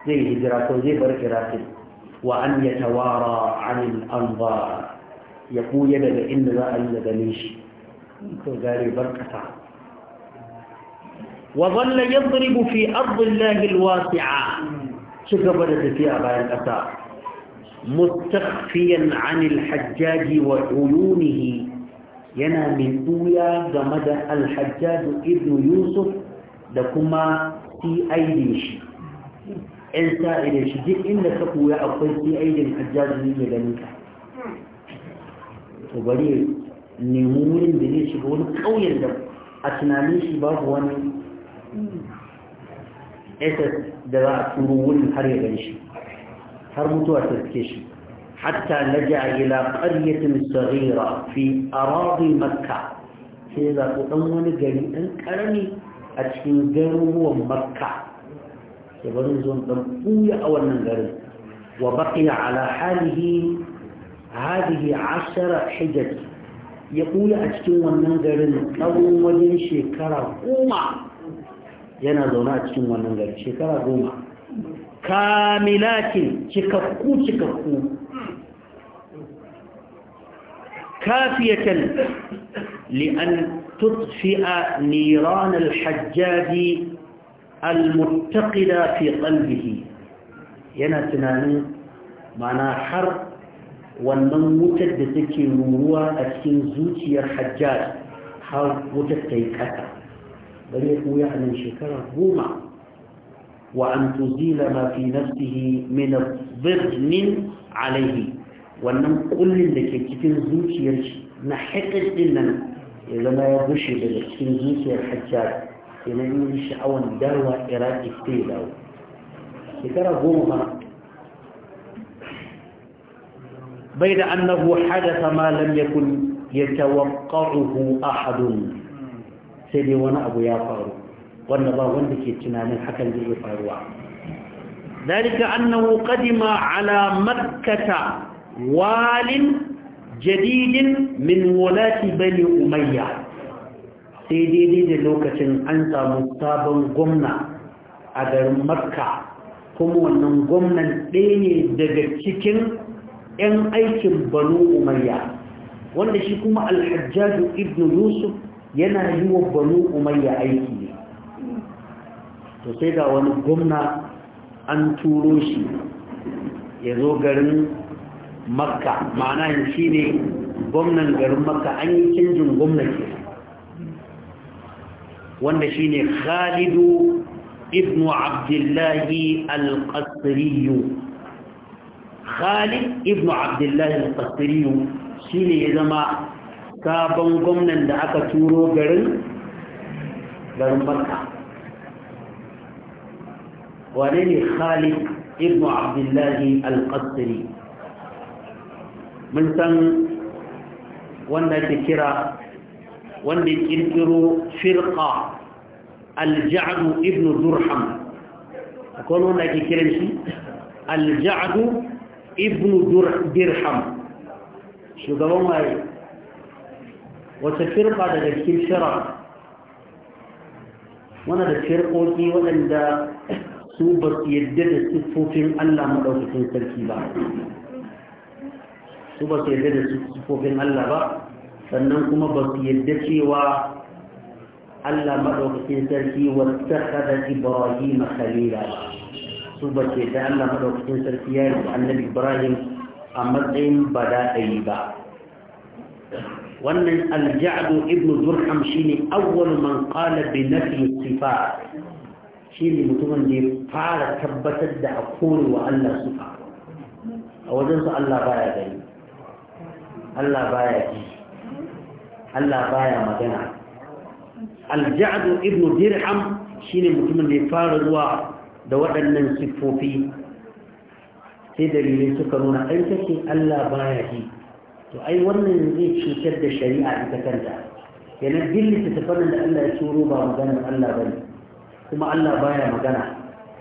[SPEAKER 1] زي هجراته زي بركراته وأن يتوارى عن الأنظار يقول يبدأ إن لا أن يبنيش ليش كوزاري وظل يضرب في أرض الله الواسعة شكبر في أباء الأساء مستخفيا عن الحجاج وعيونه ينا من دويا جمد الحجاج ابن يوسف دكما في أيدي شيء إن سائل شيء إن تقوى أقول في أيدي الحجاج من يدنك وبري نمو من شيء قول قوي الدم أتنالي شيء باب واني ita da za a turu wurin har ya ganshi har mutuwa ta suke shi hatta na ila ƙaryatin tsarira fi arabi makka sai za ku ɗan wani gari ɗan ƙarami a cikin garuruwan makka da bari zuwan ɗan ɓuya a wannan garin wa baƙiya ala halihi hadihi ashara hijjat ya ɓuya a cikin wannan garin ɗan wajen shekara goma yana zauna a cikin wannan gari shekara goma kamilakin cikakku cikakku kafiyatan li'an tutfi'a niran al-hajjaji al-muttaqida fi qalbihi yana tunanin mana har wannan wutar da take ruruwa a cikin zuciyar hajjaj har wutar ta yi kasa بريك ويعلن يعني شكره هما وأن تزيل ما في نفسه من الضغن عليه وأن كل لك كتن زوج يرش نحق الدنن إذا ما يبوشي بلك كتن زوج يرحجار إذا ما يبوشي أول دروة إراد إفتيل أو شكرا قومها بيد أنه حدث ما لم يكن يتوقعه أحد sai dai wani abu ya faru wanda ba wanda ke tunanin hakan zai faruwa dalika annahu qadima ala makkata walin jaridin min wulati bani umayya sai daidai da lokacin an samu sabon gwamna a garin makka kuma wannan gwamnan ɗaya ne daga cikin 'yan aikin Balo umayya wanda shi kuma alhajjaju ibn yusuf yana yi wa banu umayya aiki ne to sai ga wani gwamna an turo shi ya zo garin makka ma'ana shi ne gwamnan garin makka an yi canjin gwamnati wanda shi ne khalidu ibn abdullahi al-qasriyu khalid ibn abdullahi al-qasriyu shi ne ya zama sabon gwamnan da aka turo garin garin makka wane ne khalid ibn abdullahi al-qasiri mun san wanda ke kira wanda ya kirkiro firqa al-ja'd ibn durham akwai wanda ke kiran shi al-ja'd ibn durham shugaban waye wata firka daga cikin shira wanda da firkoki waɗanda su ba su yadda da siffofin Allah maɗaukacin sarki ba su ba su yadda da siffofin Allah ba sannan kuma ba su yadda cewa Allah maɗaukacin sarki wata kada Ibrahim Khalila su ba su yadda Allah maɗaukacin sarki ya yi annabi Ibrahim a matsayin ba daɗayi ba wannan alja'adu ibn durham shine awwal man qala bi nafi sifat shine mutumin da ya fara tabbatar da akuri wa Allah sifa a wajen su Allah baya gani Allah baya ji Allah baya magana alja'adu ibn durham shine mutumin da ya fara zuwa da waɗannan sifofi, sai dalilai suka nuna ai take Allah baya ji to ai wannan zai cutar da shari'a ita kanta kenan duk littattafan da Allah ya turo ba maganar Allah bane kuma Allah baya magana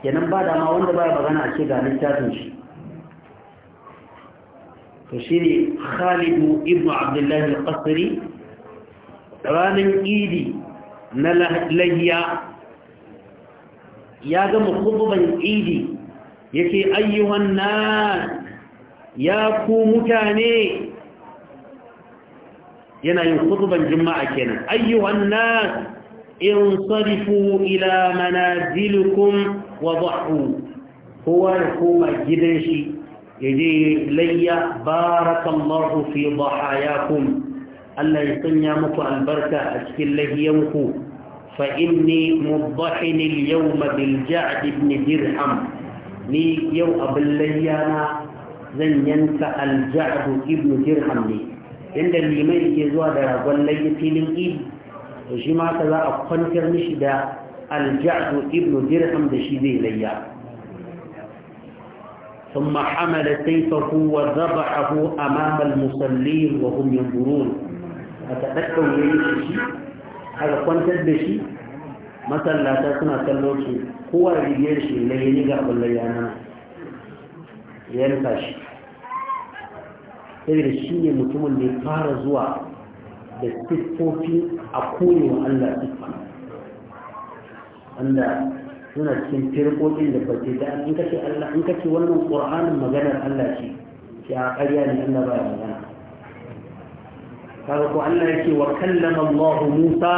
[SPEAKER 1] kenan ba dama wanda baya magana a ce ga littafin shi to shine Khalid ibn Abdullah al-Qasri ranan idi na lahiya ya gama kubban idi yake ayyuhan nas ya ku mutane yana yin khutban juma'a kenan ayyuhan nas insarifu ila manazilikum wa dhahu huwa ya koma gidan shi yaje layya barakallahu fi dhahayakum Allah ya sanya muku albarka a cikin lahiyanku fa inni mudhahin al-yawma bil ja'd ibn dirham ni yau abin layyana zan yanka al-ja'd ibn dirham ne inda liman ke zuwa da ragon lagi filin ibi shi mata za a kwantar mishi da aljado ibnu dirham da shi zai layya sun mahamada taifafu wa zaba abu a mamal musalli wa hunyar burun a ta wani shi shi aka kwantar da shi matsalata suna kallo ce kowa rigiyar shi layyani ga ɓullayya nan yanka saboda shi ne mutumin da ya fara zuwa da siffofi a koyewa Allah siffa wanda suna cikin firkokin da bace da in kace Allah in kace wannan Qur'anin maganar Allah ce shi a ƙarya ne Allah baya magana kaga ko Allah yake wa kallama Allah Musa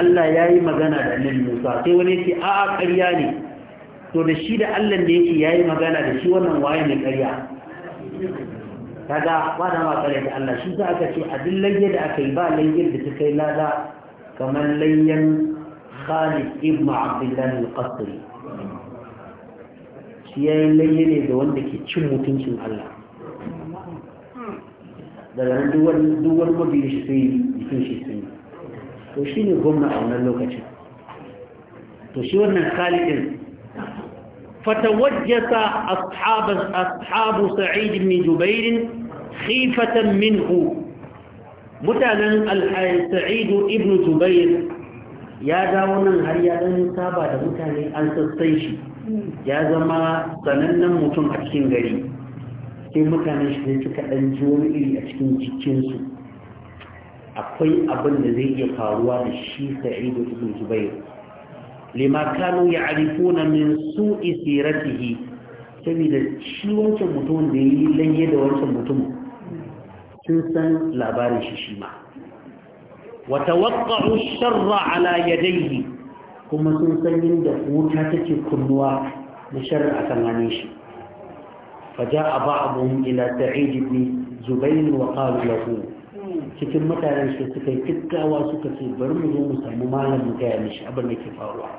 [SPEAKER 1] Allah yayi magana da Annabi Musa sai wani yake a a ƙarya ne to da shi da Allah ne yake yayi magana da shi wannan waye ne ƙarya kaga ba da ma kare da Allah shi za aka ce a duk layya da aka yi ba layyar da ta kai lada kamar layyan Khalid ibn Abdullah al-Qasri shi yayi layya ne da wanda ke cin mutuncin Allah daga nan duk wani mabiyin shi sai jikin shi sun to shi ne gwamna a wannan lokacin to shi wannan khalidin fatawajjasa ashabu sa'id bin jubair khifatan minhu mutanen al-sa'idu ibn zubair ya dawo nan har ya dan saba da mutane an sassan shi ya zama sanannen mutum a cikin gari sai mutane shi ne suka dan ji wani iri a cikin jikinsu akwai abin da zai iya faruwa da shi sa'idu ibn zubair lima kanu ya'rifuna min su'i siratihi sabida shi wancan mutum da yi lanye da wancan mutumin. sun san labarin shi shi ma wata waƙa'u sharra ala yadaihi kuma sun san yadda wuta take kunnuwa da sharri a kan shi فجاء ila إلى سعيد بن زبير وقال له cikin mutanen shi suka yi kikkawa suka ce bari mu zo mu samu malam mu gaya mishi abin da ke faruwa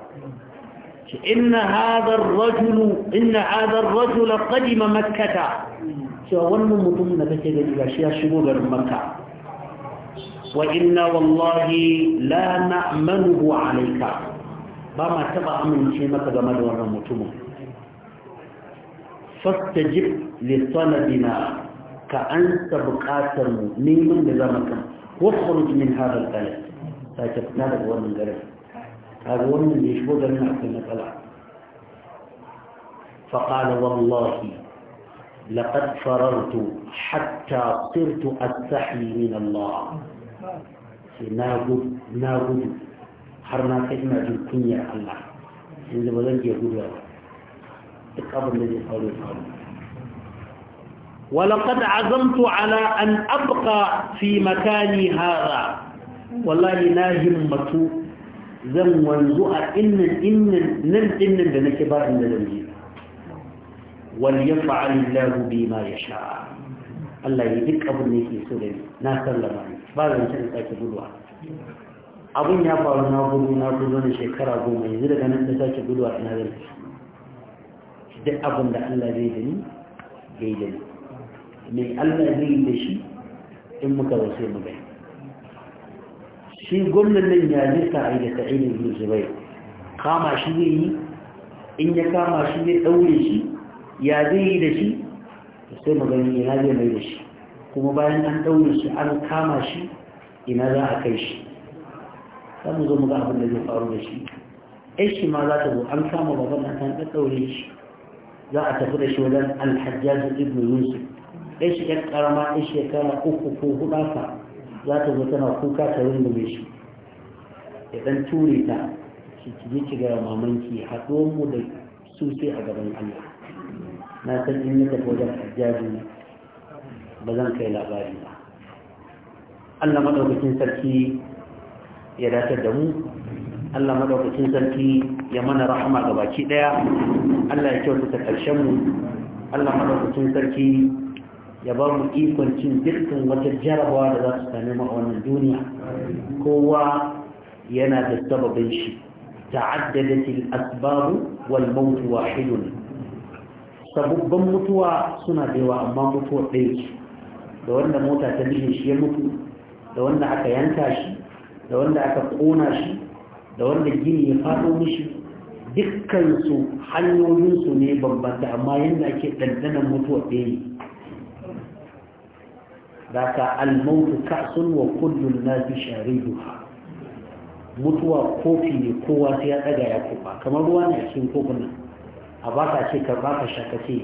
[SPEAKER 1] ce inna hadha ar-rajul inna hadha ar-rajul qadima makkah cewa wannan mutum da kake gani gashi ya shigo garin makka wa inna wallahi la na'manuhu alayka ba ma taba amince maka game da wannan mutumin fastajib li talabina ka ansa buƙatar mu neman da zama kan wakhruj min hadha al-qalb ta ce fita daga wannan garin kaga wannan da ya shigo garin akwai matsala fa qala wallahi لقد فررت حتى صرت أستحي من الله ناقود ناقود حرنا كنا جل كنيا الله إن بدل يهودا تقبل الذي قالوا ولقد عزمت على أن أبقى في مكاني هذا والله ناجم متو زم وانزوء إن إن نن إن لنكبار من wal yaf'al ma ya yasha Allah ya duk abin da yake so da ni na sallama ni ba zan san sake guduwa abin ya faru na gudu na gudu na shekara goma yanzu daga nan da sake guduwa ina zan duk abin da Allah zai da ni zai da ni mai Allah zai da shi in muka sai mu gani shi gwamnan nan ya nisa a yi da sa'idin zubai kama shi zai yi in ya kama shi zai ɗaure shi ya zai da shi sai magani ina zai mai da shi kuma bayan an ɗaure shi an kama shi ina za a kai shi za mu zo mu ga abin da zai faru da shi shi ma za ta zo an kama baban ta an ɗaɗɗaure shi za a tafi da shi wajen alhajjaji ibn yusuf aishi ɗan ƙarama aishi ya kama uku ko hudafa za ta zo tana kuka ta mai shi ya ɗan ture ta shi je ga mamanki haɗuwar mu da su sai a gaban allah na san in yi tafi wajen hajjaji ba zan kai labari ba Allah maɗaukacin sarki ya datar da mu Allah maɗaukacin sarki ya mana rahama ga baki ɗaya Allah ya kyautata ƙarshen mu Allah maɗaukacin sarki ya ba mu ikon cin dukkan wata jarabawa da za su sami mu a wannan duniya kowa yana da sababin shi ta'addadat al-asbab wal maut wahidun sabubban mutuwa suna da yawa amma mutuwar ɗaya ce da wanda mota ta bihe shi ya mutu da wanda aka yanka shi da wanda aka ƙona shi da wanda gini ya faɗo mishi dukkansu hanyoyinsu ne bambanta amma yadda ake ɗanɗanan mutuwar ɗaya ne da ka almautu ka'sun wa fi nasi duha mutuwa kofi ne kowa sai ya ɗaga ya kofa kamar ruwa ne a cikin kofin nan a baka ce ka baka ka ce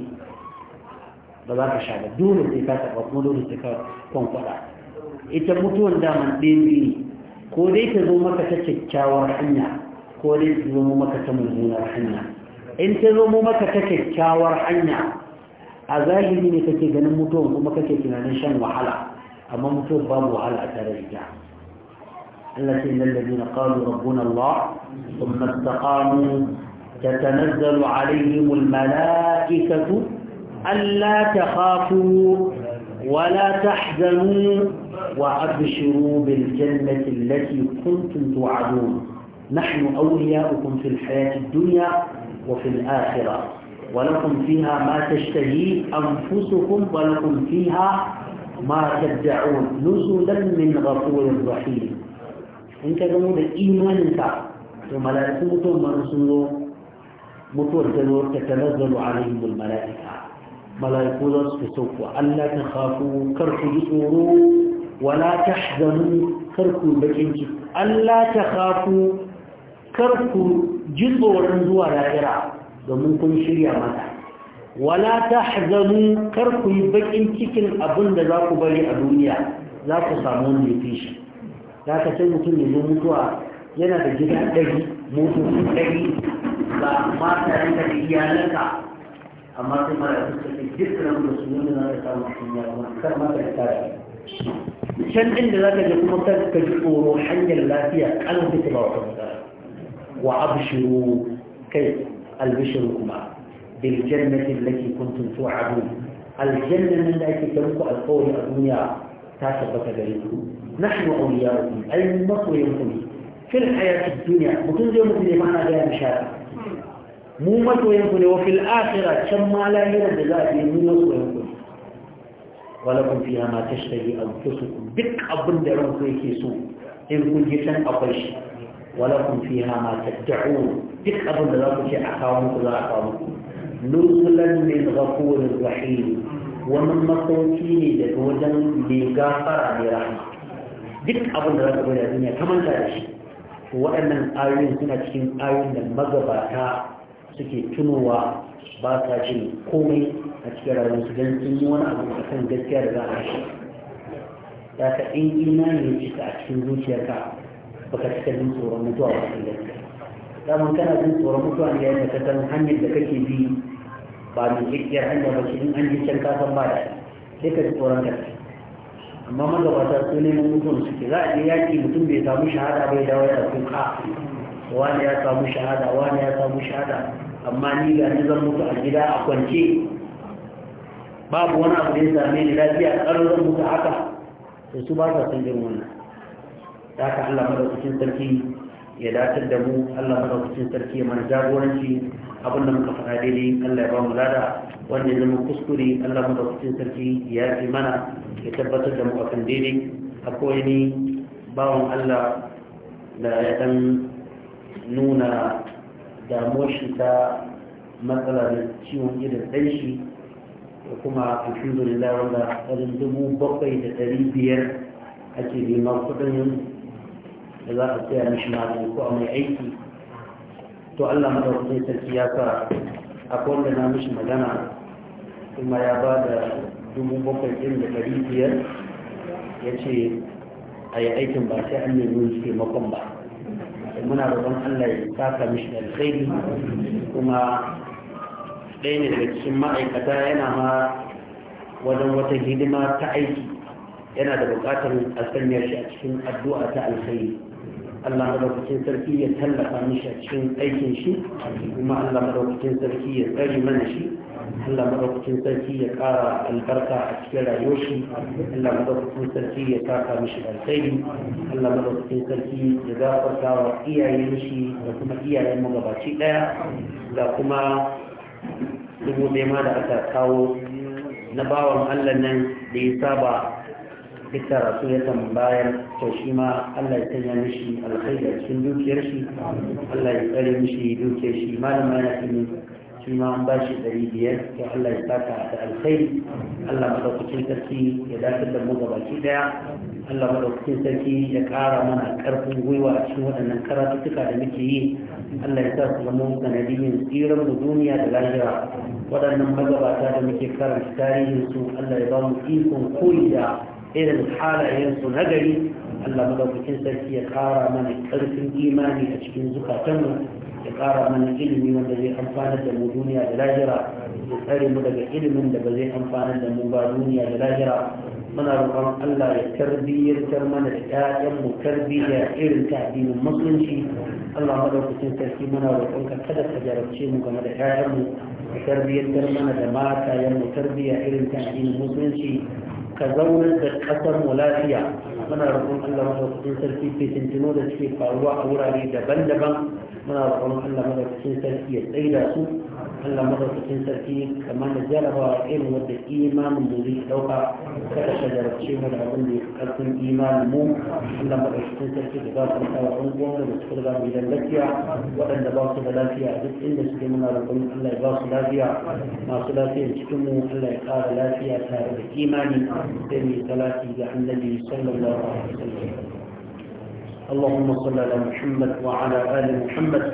[SPEAKER 1] ba za ka sha ba dole sai ka taɓa kuma dole sai ka kwankwada ita mutuwan daman ɗaya biyu ko dai ta zo maka ta kyakkyawar hanya ko dai ta zo maka ta mummunar hanya in ta zo maka ta kyakkyawar hanya a zahiri ne kake ganin mutuwan kuma kake tunanin shan wahala amma mutuwan babu wahala a tare da Allah ce nan da qalu rabbuna Allah thumma istaqamu تتنزل عليهم الملائكة ألا تخافوا ولا تحزنوا وأبشروا بالجنة التي كنتم توعدون نحن أولياؤكم في الحياة الدنيا وفي الآخرة ولكم فيها ما تشتهي أنفسكم ولكم فيها ما تدعون نزلا من غفور رحيم إن كذبوا بالإيمان ثم لا يكون ثم رسوله mutuwar ta zo ta tanazzalu alaihim almalaika malaiku za su sauko Allah ta khafu kar ku ji tsoro wala tahzanu kar ku bakin ciki Allah ta khafu kar ku ji tsoron zuwa lahira domin kun shirya mata wala tahzanu kar ku yi bakin cikin abin da za ku bari a duniya za ku samu wanda ya fi shi za ka sai mutum ya zo mutuwa yana da gida ɗari motoci ɗari شان ذلك ذلك كما تذكروا روحاً للافية قلب تبعكم وعبشروا كيف البشركم بالجنة التي كنتم توعدون الجنة من ذلك تلك القول الدنيا تاسبت ذلكم نحن أولياؤكم أي نطوي في الحياة الدنيا وكنت يوم في الإيمان أجل مشاركة mu masoyan ku ne wa fil can ma lahirar da za a yi mu masoyan ku wala kun fiya ma tashtahi anfusukum duk abin da ranku yake so in kun je can akwai shi wala kun fiha ma tad'un duk abin da za ku ce a kawo muku za a kawo muku nuzulan min ghafurir rahim wani masauki ne daga wajen mai gafara mai rahama duk abin da za ka gwada duniya kamar da shi waɗannan ayoyin suna cikin ayoyin da magabata suke tunowa ba sa jin komai a cikin su don sun yi wani abu a kan gaskiya da za a shi ya ka in ina ne cika a cikin zuciyarka baka cika jin tsoron mutuwa ba cikin gaskiya daman kana jin tsoron mutuwa ne yayin da ka san hanyar da kake bi ba mai gaskiyar hanyar ba in an ji can kasan ba da sai ka ji tsoron ka amma magabata su neman mutuwan suke za a je yaƙi mutum bai samu shahada bai dawo ya ɗauki ka wani ya samu shahada wani ya samu shahada amma ni ga ni zan mutu a gida a kwance babu wani abu da ya same ni lafiya ƙarar zan mutu haka sai su ba sa san jin wannan da haka Allah madaukakin sarki ya datar da mu Allah madaukakin sarki ya mana jagoranci abin da muka faɗa daidai Allah ya ba mu lada wanda ya zama kuskure Allah madaukakin sarki ya yi mana ya tabbatar da mu akan daidai akwai ni bawan Allah da ya san. nuna damuwar shi ta da ciwon idan ɗan shi da kuma alhamdulillah wanda wajen dubu bakwai da ɗari biyar ake neman kuɗin da za a tsaya mishi magani ko a mai aiki to allah madaukakin sarki ya sa akwai wanda na mishi magana kuma ya ba da dubu bakwai ɗin da ɗari biyar ya ce a yi aikin ba sai an nemi taimakon ba muna roƙon Allah ya saka mishi da alkhairi kuma ɗaya ne daga cikin ma'aikata yana ma wajen wata hidima ta aiki yana da buƙatar a sanya shi a cikin addu'a ta alkhairi Allah madaukakin sarki ya tallafa mishi a cikin aikin shi kuma Allah madaukakin sarki ya tsari mana shi Allah madaukakin sarki ya ƙara albarka a cikin rayuwar shi Allah madaukakin sarki ya saka mishi alkhairi Allah madaukakin sarki ya gafarta wa iyayen shi da kuma iyayen mu gabaci ɗaya. da kuma dubu ɗaya ma da aka kawo na bawan Allah nan da ya saba duk rasu ya san tambayar to shi ma Allah ya sanya mishi alkhairi cikin dukiyar shi Allah ya tsare mishi dukiyar shi malama ya yana cikin shi ma an bashi ɗari biyar to Allah ya saka da alkhairi Allah madaukakin sarki ya dace da mu gabaki ɗaya Allah madaukakin sarki ya ƙara mana ƙarfin gwiwa a cikin waɗannan karatuttuka da muke yi Allah ya sa su zama sanadiyin tsiran mu duniya da lahira waɗannan magabata da muke karanta tarihinsu Allah ya ba mu ikon koyi da إذا الحالة ينسون هجري ألا مضوك تنسل في يقارى من الكرس الإيماني أشكين زكا تم يقارى من العلم من الذي أنفانا دمو دنيا بلاجرة يسأل مدك علم من الذي أنفانا دمو دنيا بلاجرة من أرغم ألا يكربي يركر من الآية مكربي يا إير تعدين المصلنشي ألا مضوك تنسل في من أرغم كتدى تجارب شيء من الآية مكربي يركر من الماكا يا مكربي يا إير تعدين المصلنشي ka zaunar da ƙasar mu lafiya muna roƙon Allah madaukakin sarki fitintino da suke faruwa a wurare daban-daban muna roƙon Allah madaukakin sarki ya tsaida su الله مرة تكين تركيب كما نزال هو إيه هو الإيمان الذي دوقع كذا شجرة شيء من عظم إيمان مو الله مرة تكين تركيب بباس الله وعنجو ونسكر الله إلى اللكية وأن باس الله عدد إن نسكي من ربهم الله باس الله فيها ما صلاة يشكموا الله يقال الإيمان بني ثلاثي عن النبي صلى الله عليه وسلم اللهم صل على محمد وعلى آل محمد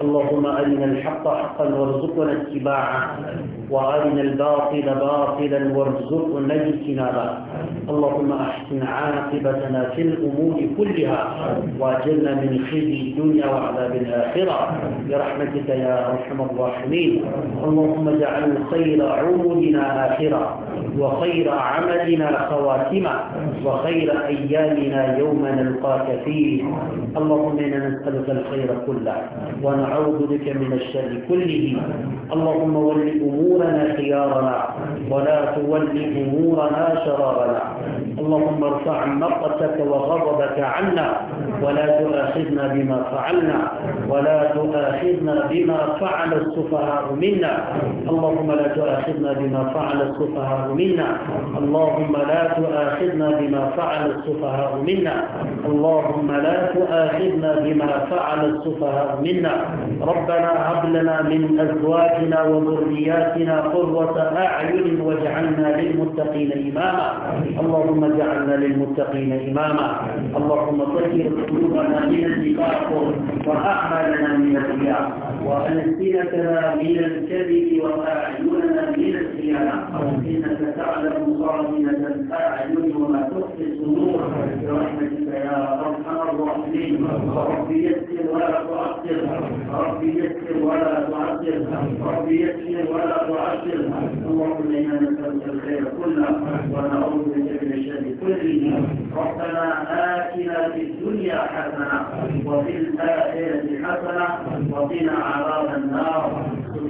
[SPEAKER 1] اللهم أرنا الحق حقا وارزقنا اتباعه وأرنا الباطل باطلا وارزقنا اجتنابه اللهم أحسن عاقبتنا في الأمور كلها وأجلنا من خزي الدنيا وعذاب الآخرة برحمتك يا أرحم الراحمين اللهم اجعل خير عمرنا آخرة وخير عملنا خواتمة وخير أيامنا يوم نلقاك فيه اللهم إنا نسألك الخير كله ونعوذ بك من الشر كله اللهم ول أمورنا خيارنا ولا تول أمورنا شرارنا اللهم ارفع مقتك وغضبك عنا ولا تؤاخذنا بما فعلنا ولا تؤاخذنا بما فعل السفهاء منا اللهم لا تؤاخذنا بما فعل السفهاء منا اللهم لا تؤاخذنا بما فعل السفهاء منا اللهم لا تؤاخذنا بما فعل السفهاء منا ربنا هب لنا من ازواجنا وذرياتنا قرة اعين واجعلنا للمتقين اماما اللهم اللهم اجعلنا للمتقين إماما اللهم طهر قلوبنا من النفاق وأعمالنا من الرياء وألسنتنا من الكذب وأعيننا من الخيانة إنك تعلم خائنة الأعين وما تخفي الصدور برحمتك يا ارحم الراحمين رب يسر ولا تعسر رب يسر ولا تعسر رب يسر ولا تعسر اللهم انا نسالك الخير كله ونعوذ بك من الشر كله ربنا اتنا في الدنيا حسنه وفي الاخره حسنه وقنا عذاب النار